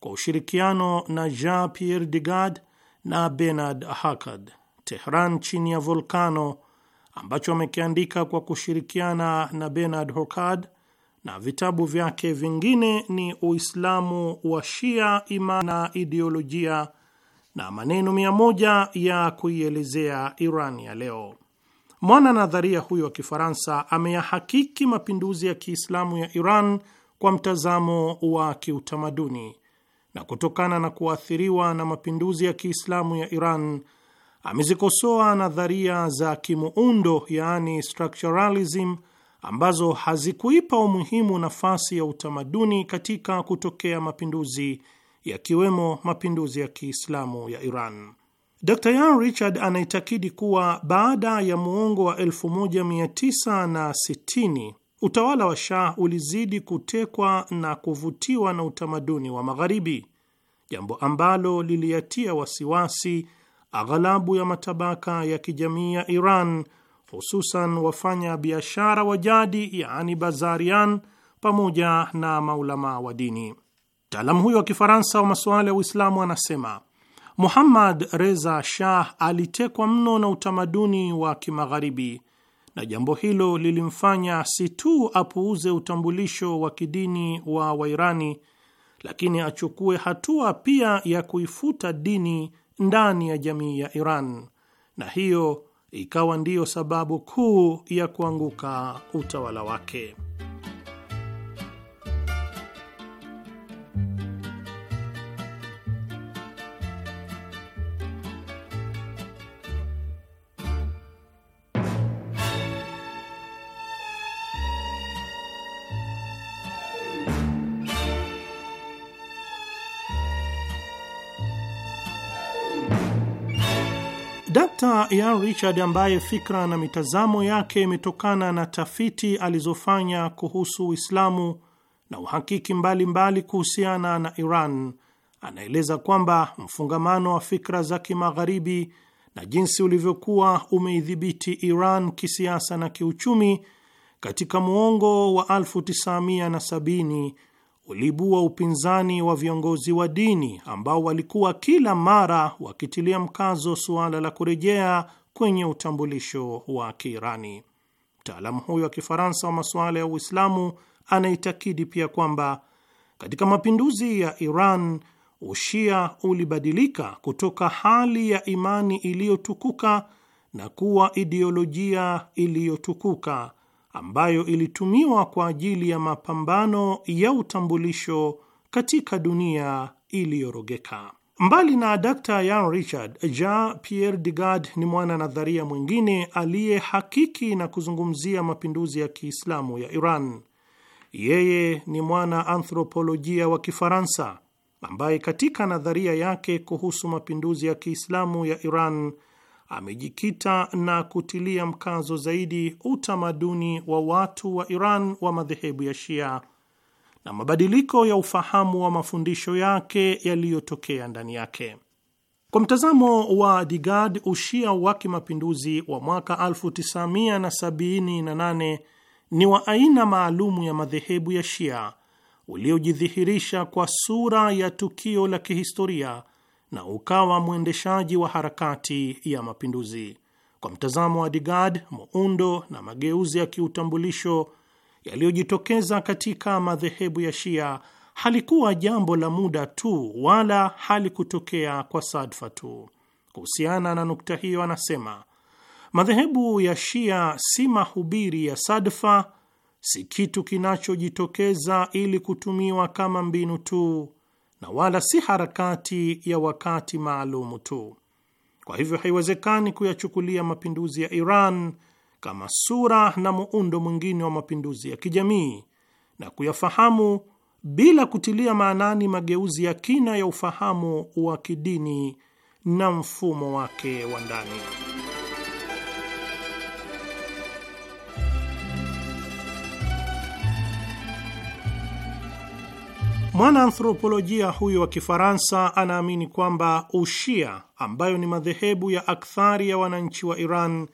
kwa ushirikiano na Jean Pierre Degard na Bernard Hakad, Tehran chini ya volkano ambacho amekiandika kwa kushirikiana na Bernard Hakad, na vitabu vyake vingine ni Uislamu wa Shia, Imani na Ideolojia na maneno mia moja ya kuielezea Iran ya leo. Mwana nadharia huyo wa Kifaransa ameyahakiki mapinduzi ya Kiislamu ya Iran kwa mtazamo wa kiutamaduni, na kutokana na kuathiriwa na mapinduzi ya Kiislamu ya Iran amezikosoa nadharia za kimuundo, yaani structuralism ambazo hazikuipa umuhimu nafasi ya utamaduni katika kutokea mapinduzi yakiwemo mapinduzi ya Kiislamu ya Iran. Dr. Yan Richard anaitakidi kuwa baada ya muongo wa 1960 utawala wa Shah ulizidi kutekwa na kuvutiwa na utamaduni wa Magharibi, jambo ambalo liliyatia wasiwasi aghalabu ya matabaka ya kijamii ya Iran hususan wafanya biashara wa jadi, yaani bazarian, pamoja na maulamaa wa dini. Mtaalamu huyo wa Kifaransa wa masuala ya Uislamu anasema Muhammad Reza Shah alitekwa mno na utamaduni wa Kimagharibi, na jambo hilo lilimfanya si tu apuuze utambulisho wa kidini wa Wairani, lakini achukue hatua pia ya kuifuta dini ndani ya jamii ya Iran, na hiyo ikawa ndiyo sababu kuu ya kuanguka utawala wake. Ian Richard ambaye fikra na mitazamo yake imetokana na tafiti alizofanya kuhusu Uislamu na uhakiki mbalimbali kuhusiana na Iran, anaeleza kwamba mfungamano wa fikra za kimagharibi na jinsi ulivyokuwa umeidhibiti Iran kisiasa na kiuchumi katika muongo wa 1970 uliibua upinzani wa viongozi wa dini ambao walikuwa kila mara wakitilia mkazo suala la kurejea kwenye utambulisho wa Kiirani. Mtaalamu huyo wa Kifaransa wa masuala ya Uislamu anaitakidi pia kwamba katika mapinduzi ya Iran Ushia ulibadilika kutoka hali ya imani iliyotukuka na kuwa ideolojia iliyotukuka ambayo ilitumiwa kwa ajili ya mapambano ya utambulisho katika dunia iliyorogeka. Mbali na Dr. Yan Richard, Jean Pierre Degard ni mwana nadharia mwingine aliyehakiki na kuzungumzia mapinduzi ya Kiislamu ya Iran. Yeye ni mwana anthropolojia wa Kifaransa ambaye katika nadharia yake kuhusu mapinduzi ya Kiislamu ya Iran amejikita na kutilia mkazo zaidi utamaduni wa watu wa Iran wa madhehebu ya Shia na mabadiliko ya ufahamu wa mafundisho yake yaliyotokea ndani yake. Kwa mtazamo wa Digad, ushia wa kimapinduzi wa mwaka 1978 ni wa aina maalumu ya madhehebu ya Shia uliojidhihirisha kwa sura ya tukio la kihistoria na ukawa mwendeshaji wa harakati ya mapinduzi. Kwa mtazamo wa Digard, muundo na mageuzi ya kiutambulisho yaliyojitokeza katika madhehebu ya Shia halikuwa jambo la muda tu, wala halikutokea kwa sadfa tu. Kuhusiana na nukta hiyo, anasema madhehebu ya Shia si mahubiri ya sadfa, si kitu kinachojitokeza ili kutumiwa kama mbinu tu na wala si harakati ya wakati maalum tu. Kwa hivyo haiwezekani kuyachukulia mapinduzi ya Iran kama sura na muundo mwingine wa mapinduzi ya kijamii na kuyafahamu bila kutilia maanani mageuzi ya kina ya ufahamu wa kidini na mfumo wake wa ndani. Mwanaanthropolojia huyo wa Kifaransa anaamini kwamba Ushia, ambayo ni madhehebu ya akthari ya wananchi wa Iran,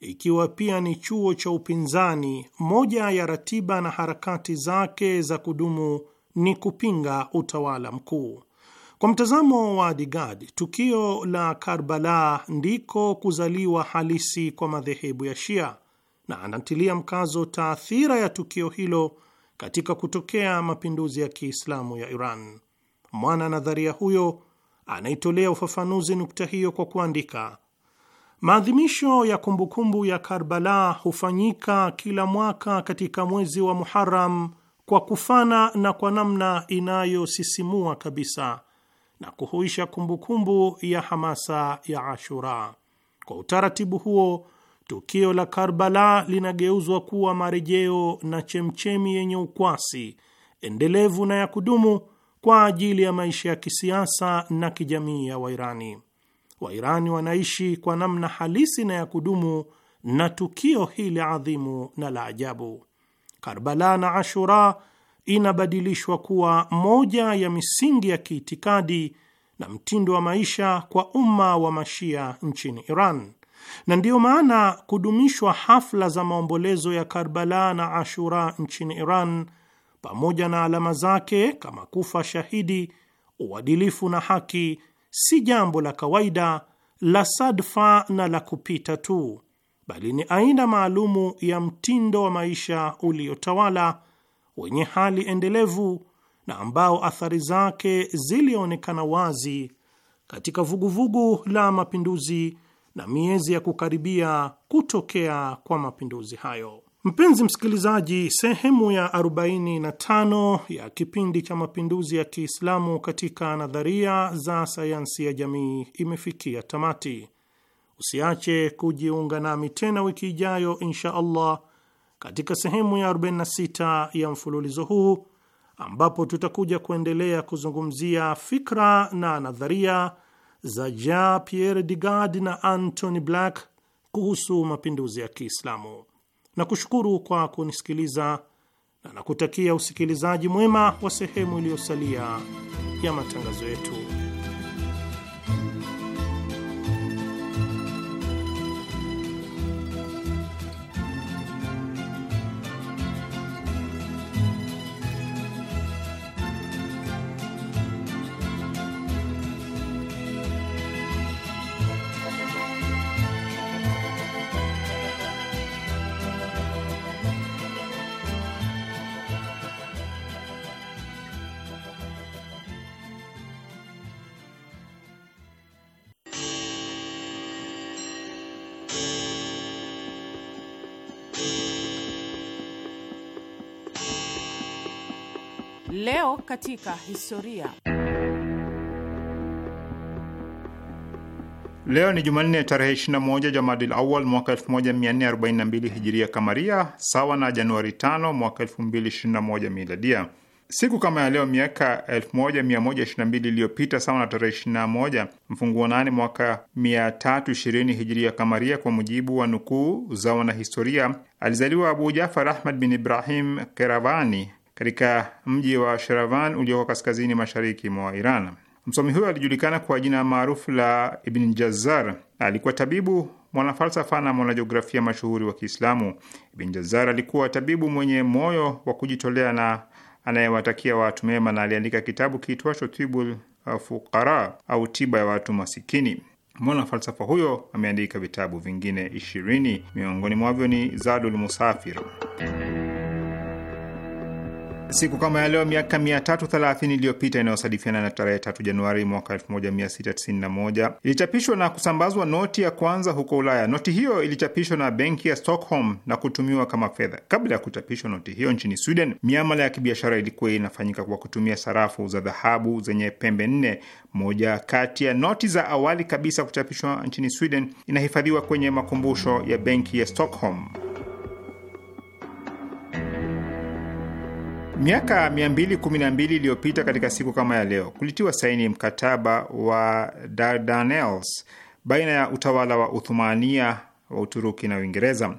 ikiwa pia ni chuo cha upinzani, moja ya ratiba na harakati zake za kudumu ni kupinga utawala mkuu. Kwa mtazamo wa Digad, tukio la Karbala ndiko kuzaliwa halisi kwa madhehebu ya Shia, na anatilia mkazo taathira ya tukio hilo katika kutokea mapinduzi ya Kiislamu ya Iran. Mwana nadharia huyo anaitolea ufafanuzi nukta hiyo kwa kuandika, maadhimisho ya kumbukumbu ya Karbala hufanyika kila mwaka katika mwezi wa muharam kwa kufana na kwa namna inayosisimua kabisa na kuhuisha kumbukumbu ya hamasa ya Ashura. Kwa utaratibu huo tukio la Karbala linageuzwa kuwa marejeo na chemchemi yenye ukwasi endelevu na ya kudumu kwa ajili ya maisha ya kisiasa na kijamii ya Wairani. Wairani wanaishi kwa namna halisi na ya kudumu na tukio hili adhimu na la ajabu. Karbala na Ashura inabadilishwa kuwa moja ya misingi ya kiitikadi na mtindo wa maisha kwa umma wa Mashia nchini Iran na ndiyo maana kudumishwa hafla za maombolezo ya Karbala na Ashura nchini Iran pamoja na alama zake kama kufa shahidi, uadilifu na haki, si jambo la kawaida la sadfa na la kupita tu, bali ni aina maalumu ya mtindo wa maisha uliotawala wenye hali endelevu na ambao athari zake zilionekana wazi katika vuguvugu la mapinduzi na miezi ya kukaribia kutokea kwa mapinduzi hayo. Mpenzi msikilizaji, sehemu ya 45 ya kipindi cha mapinduzi ya Kiislamu katika nadharia za sayansi ya jamii imefikia tamati. Usiache kujiunga nami tena wiki ijayo insha Allah katika sehemu ya 46 ya mfululizo huu ambapo tutakuja kuendelea kuzungumzia fikra na nadharia za Jean Pierre Digard na Anthony Black kuhusu mapinduzi ya Kiislamu. na kushukuru kwa kunisikiliza na nakutakia usikilizaji mwema wa sehemu iliyosalia ya matangazo yetu. katika historia. Leo ni Jumanne tarehe 21 Jamadil Awal mwaka 1442 hijiria kamaria, sawa na Januari 5 mwaka 2021 miladia. Siku kama ya leo miaka 1122 iliyopita, sawa na tarehe 21 mfunguo nane mwaka 320 hijiria kamaria, kwa mujibu wa nukuu za wanahistoria, alizaliwa Abu Jafar Ahmad bin Ibrahim Keravani katika mji wa Sheravan ulioko kaskazini mashariki mwa Iran. Msomi huyo alijulikana kwa jina maarufu la Ibn Jazar. Alikuwa tabibu, mwanafalsafa na mwanajiografia mashuhuri wa Kiislamu. Ibn Jazar alikuwa tabibu mwenye moyo wa kujitolea na anayewatakia watu mema, na aliandika kitabu kiitwacho Tibul uh, Fuqara au tiba ya watu masikini. Mwana falsafa huyo ameandika vitabu vingine ishirini, miongoni mwavyo ni Zadul Musafir. Siku kama ya leo miaka 330 iliyopita inayosadifiana na tarehe 3 Januari mwaka 1691 ilichapishwa na kusambazwa noti ya kwanza huko Ulaya. Noti hiyo ilichapishwa na benki ya Stockholm na kutumiwa kama fedha. Kabla ya kuchapishwa noti hiyo nchini Sweden, miamala ya kibiashara ilikuwa inafanyika kwa kutumia sarafu za dhahabu zenye pembe nne. Moja kati ya noti za awali kabisa kuchapishwa nchini Sweden inahifadhiwa kwenye makumbusho ya benki ya Stockholm. Miaka 212 iliyopita katika siku kama ya leo kulitiwa saini mkataba wa Dardanelles baina ya utawala wa Uthumania wa Uturuki na Uingereza.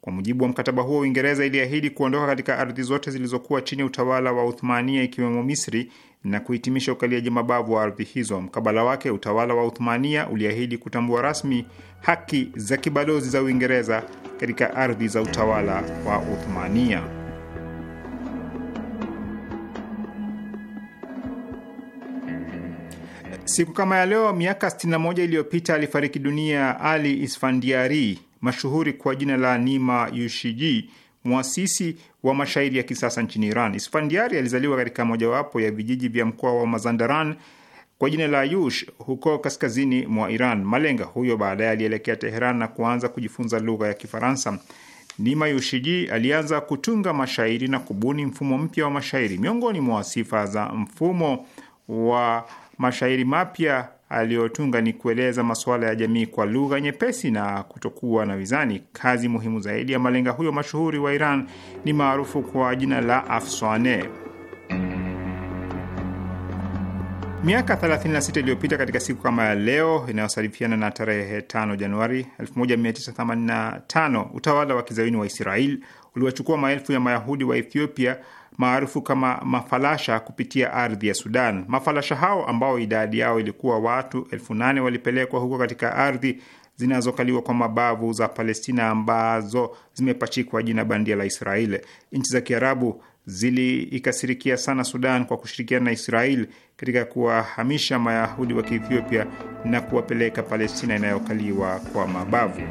Kwa mujibu wa mkataba huo, Uingereza iliahidi kuondoka katika ardhi zote zilizokuwa chini ya utawala wa Uthumania ikiwemo Misri na kuhitimisha ukaliaji mabavu wa ardhi hizo. Mkabala wake, utawala wa Uthumania uliahidi kutambua rasmi haki za kibalozi za Uingereza katika ardhi za utawala wa Uthumania. Siku kama ya leo miaka 61 iliyopita alifariki dunia Ali Isfandiari, mashuhuri kwa jina la Nima Yushiji, mwasisi wa mashairi ya kisasa nchini Iran. Isfandiari alizaliwa katika mojawapo ya vijiji vya mkoa wa Mazandaran kwa jina la Yush huko kaskazini mwa Iran. Malenga huyo baadaye alielekea Teheran na kuanza kujifunza lugha ya Kifaransa. Nima Yushiji alianza kutunga mashairi na kubuni mfumo mpya wa mashairi. Miongoni mwa sifa za mfumo wa mashairi mapya aliyotunga ni kueleza masuala ya jamii kwa lugha nyepesi na kutokuwa na wizani. Kazi muhimu zaidi ya malenga huyo mashuhuri wa Iran ni maarufu kwa jina la Afsane. Miaka 36 iliyopita katika siku kama ya leo inayosalifiana na tarehe 5 Januari 1985 utawala wa kizayuni wa Israel uliwachukua maelfu ya Mayahudi wa Ethiopia maarufu kama mafalasha kupitia ardhi ya Sudan. Mafalasha hao ambao idadi yao ilikuwa watu elfu nane walipelekwa huko katika ardhi zinazokaliwa kwa mabavu za Palestina ambazo zimepachikwa jina bandia la Israeli. Nchi za Kiarabu ziliikasirikia sana Sudan kwa kushirikiana na Israel katika kuwahamisha Mayahudi wa Kiethiopia na kuwapeleka Palestina inayokaliwa kwa mabavu.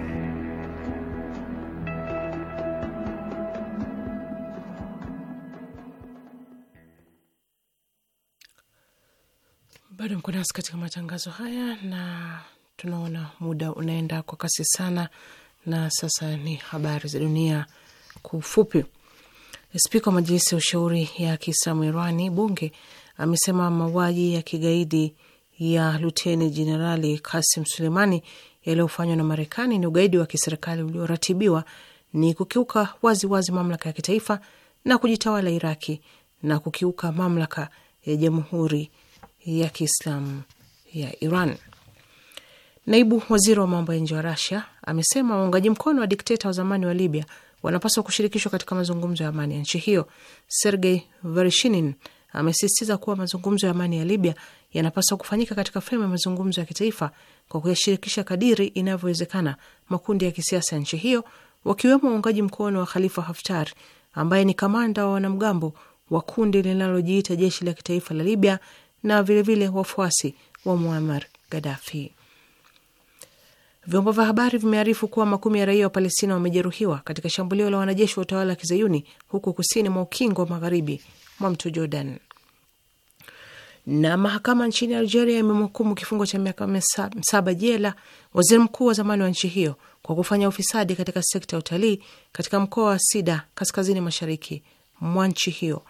Bado mko nasi katika matangazo haya, na tunaona muda unaenda kwa kasi sana, na sasa ni habari za dunia kwa ufupi. Spika wa Majlisi ya Ushauri ya Kiislamu Irani, bunge, amesema mauaji ya kigaidi ya luteni jenerali Kasim Suleimani yaliyofanywa na Marekani ni ugaidi wa kiserikali ulioratibiwa, ni kukiuka waziwazi wazi mamlaka ya kitaifa na kujitawala Iraki na kukiuka mamlaka ya jamhuri ya Kiislamu ya Iran. Naibu waziri wa mambo ya nje wa Rasia amesema waungaji mkono wa dikteta wa zamani wa Libya wanapaswa kushirikishwa katika mazungumzo ya amani ya nchi hiyo. Sergei Vereshinin amesisitiza kuwa mazungumzo ya amani ya Libya yanapaswa kufanyika katika fremu ya mazungumzo ya kitaifa kwa kuyashirikisha kadiri inavyowezekana makundi ya kisiasa ya nchi hiyo, wakiwemo waungaji mkono wa Khalifa Haftar ambaye ni kamanda wa wanamgambo wa kundi linalojiita jeshi la kitaifa la Libya na vilevile wafuasi wa Muammar Gaddafi. Vyombo vya habari vimearifu kuwa makumi ya raia wa Palestina wamejeruhiwa katika shambulio la wanajeshi wa utawala wa kizayuni huko kusini mwa ukingo wa magharibi mwa mto Jordan. Na mahakama nchini Algeria imemhukumu kifungo cha miaka saba jela waziri mkuu wa zamani wa nchi hiyo kwa kufanya ufisadi katika sekta ya utalii katika mkoa wa Sida, kaskazini mashariki mwa nchi hiyo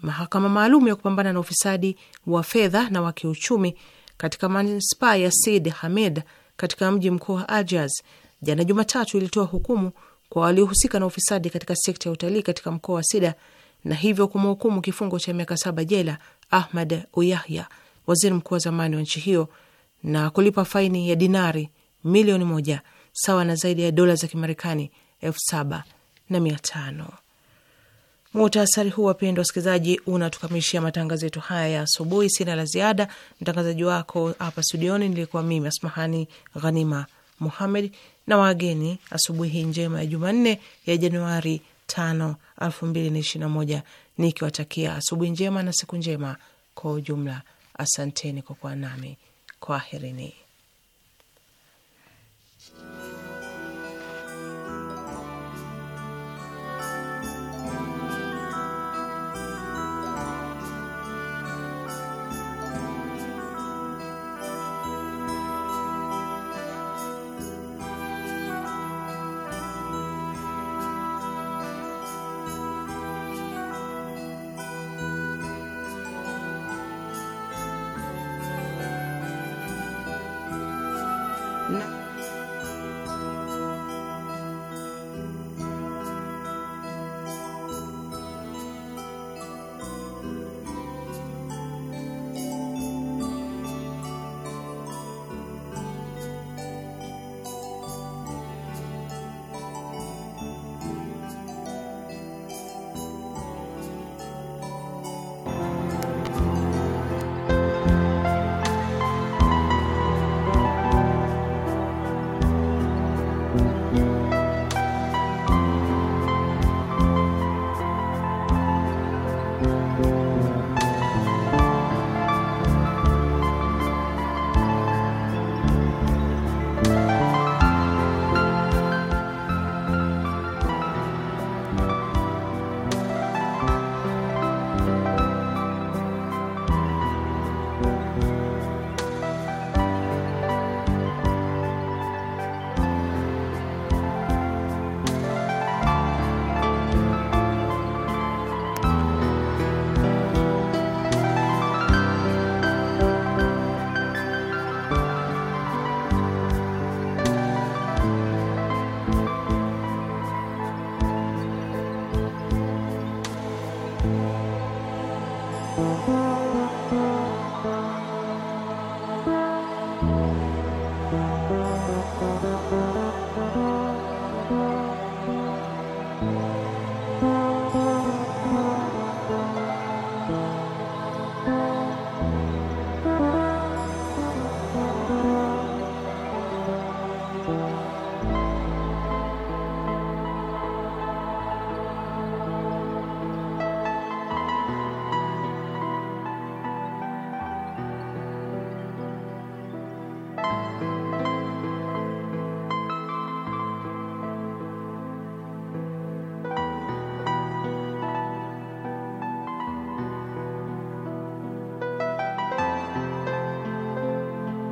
mahakama maalum ya kupambana na ufisadi wa fedha na wa kiuchumi katika manispaa ya Sid Hamed katika mji mkuu wa Algiers jana Jumatatu ilitoa hukumu kwa waliohusika na ufisadi katika sekta ya utalii katika mkoa wa Sida na hivyo kumhukumu kifungo cha miaka saba jela Ahmad Uyahya, waziri mkuu wa zamani wa nchi hiyo, na kulipa faini ya dinari milioni moja sawa na zaidi ya dola za Kimarekani elfu saba na mia tano. Muhtasari huu wapendwa wasikilizaji, unatukamilishia matangazo yetu haya ya asubuhi. Sina la ziada. Mtangazaji wako hapa studioni nilikuwa mimi Asmahani Ghanima Muhamed na wageni asubuhi hii njema ya Jumanne ya Januari tano elfu na moja nikiwatakia asubuhi njema na siku njema kwa ujumla. Asanteni kwa kuwa nami, kwaherini.